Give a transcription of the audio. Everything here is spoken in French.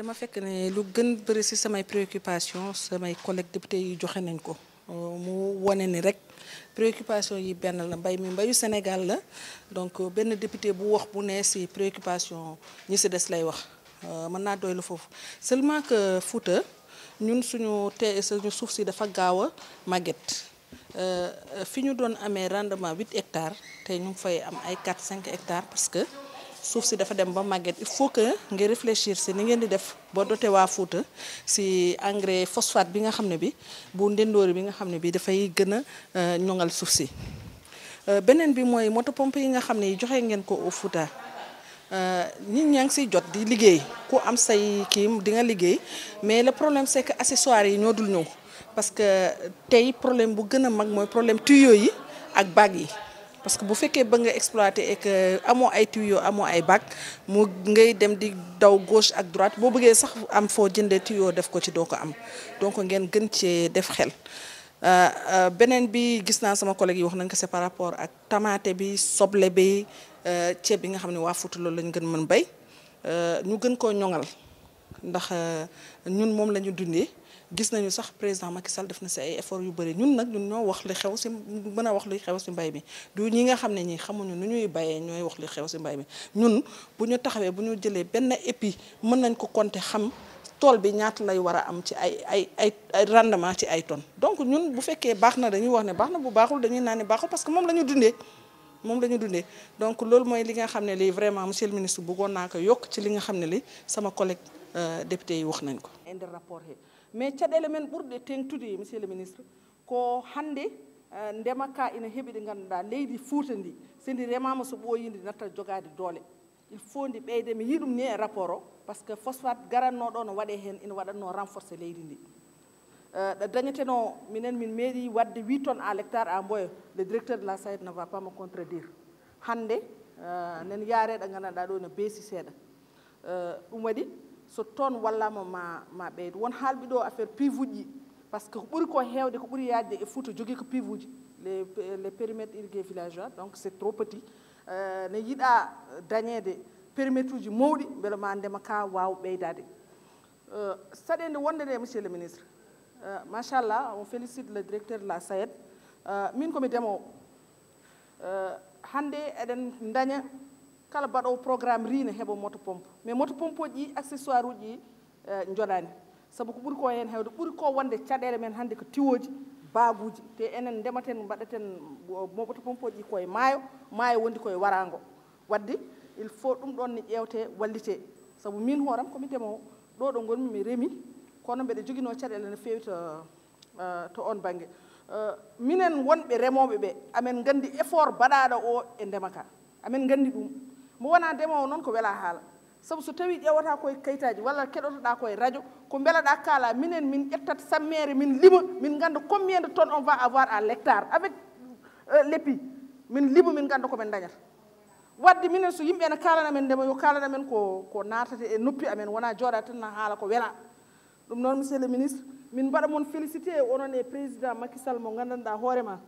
dama fekk ne lu gën bëri si samay préoccupation samay collègues députés yi joxe nañ ko euh, mu wone ni rek préoccupation yi benn la mbay mi mbayu Sénégal la donc euh, benn député bu wax bu ne si préoccupation ñi si des lay wax euh, mën naa doy foofu seulement que Fouta ñun suñu te suñu suuf si dafa gaaw a nous fi ñu doon amee rendement 8 hectares Nous ñu ngi am ay 4 5 hectares parce que suuf si dafa dem ba màgget il faut que nga réfléchir si ni ngeen di def boo dote waa Fuuta si engrais phosphate bi nga xam ne bi bu ndendóori bi nga xam ne bi dafay gën a euh, ñoŋal suuf si euh, beneen bi mooy moto pompe yi nga xam ne joxe ngeen ko au Fuuta euh, nit ñaa ngi siy jot di liggéey ku am say kiim di nga liggéey mais le problème c'est que accessoires yi ñoo dul ñëw parce que tey problème bu gën a mag mooy problème tuyo yi ak bagues yi parce que bu fekkee ba nga exploité et que amoo ay tuyau amoo ay bac mu ngay dem di daw gauche ak droite boo bëggee sax am foo jëndee tuyau def ko ci doo ko am donc ngeen gën ci def xel euh, euh, beneen bi gis naa sama collègue yi wax nañ ko c'est par rapport ak tamaate bi soble bi euh, ceeb bi nga xam ne waa Fuuta loolu lañ gën mën bay ñu gën koo ñoŋal ndax ñun moom la ñu dundee gis nañu sax président Macky Sall def na si ay efforts yu bëri ñun nag ñun ñoo wax li xew si mën a wax li xew si mbay mi du ñi nga xam ne ñi xamuñu nu ñuy bayee ñooy wax li xew si mbay mi ñun bu ñu taxawee bu ñu jëlee benn épi mën nañ ko compter xam tool bi ñaata lay war a am ci ay ay ay ay rendement ci ay tonnes donc ñun bu fekkee baax na dañuy wax ne baax na bu baaxul dañuy naan ne baaxul parce que moom la dundee moom la ñu dundee donc loolu mooy li nga xam ne lii vraiment monsieur le ministre bëggoon naa yokk ci li nga xam ne li sama collègue euh, député yi wax nañ ko. mais caɗele men ɓurɗe tengtude monsieur le ministre ko hannde eh, ndema ka ina heɓi ɗi ngannduɗa leydi fuuta ndi so ndi remama so ɓoyide natta jogade doole il faut ndi ɓeyde mi yiɗum ni e rapport o par ce que phosphate garanno ɗo no waɗe heen ina waɗatno renforcé leydi ndi eh, ɗo dañeteno minen min meeɗi wadde huit tonnes à l' hectare à mboyo le directeur de la sahid ne va pas me contredire hannde eh, nen yaare ɗo ngannduɗa ɗo no beesi seeɗa ɗum waɗi so toon wallama ma ma ɓeydo won haalɓe do affaire pivuji parce que pour ko heewde ko buri yaajde e fouta jogii ko pivuji les les périmètres irrigués villageois donc c'est trop petit euh, ne yiɗa dañeede périmétre uji mawɗi de ma ndema ka waw ɓeydade euh, saɗede wonde nde monsieur le ministre euh, machallah on félicite le directeur de la saed min komi euh hande eɗen daña kala mbaɗowo programme riina heɓa moto pompe mais moto pompe uji ɗi accessoire uji eh, joɗani saabu ko ɓuuri ko hen hewde ɓuuri ko wonde caɗele men hannde ko tiwoji baguji te enen ndematen mbaɗaten eh, moto pompe uji ɗi koye maayo maayo wondi koye warango wadde il faut ɗum ɗon ne ƴewte wallite saabu min hooram komi ndemowo ɗo ɗo gonmi mi reemi kono mbeɗa jogino caɗele no fewi to eh, to on bangue minen wonɓe remoɓe ɓe amen gandi effort mbaɗaɗo o e ndema ka amen gandi ɗum mo wona ndemowo noon ko wela haala sabu so tawi ƴewata koye kayitaji walla keɗotoɗa koye radio ko beelaɗa kaala minen min ƴettat sammere min lima min ganda combien de tonne on va avoir à l' hectare avec euh, lepi min lima min ganda komin dañata wadde minen so yimɓe ne kaalanamen ndema yo kaalanamen ko ko natate e noppi amen wona jooɗa tan haala ko wela ɗum noon monsieur le ministre min mbaɗa moon félicité onon e président makisall mo gandanɗa hoorema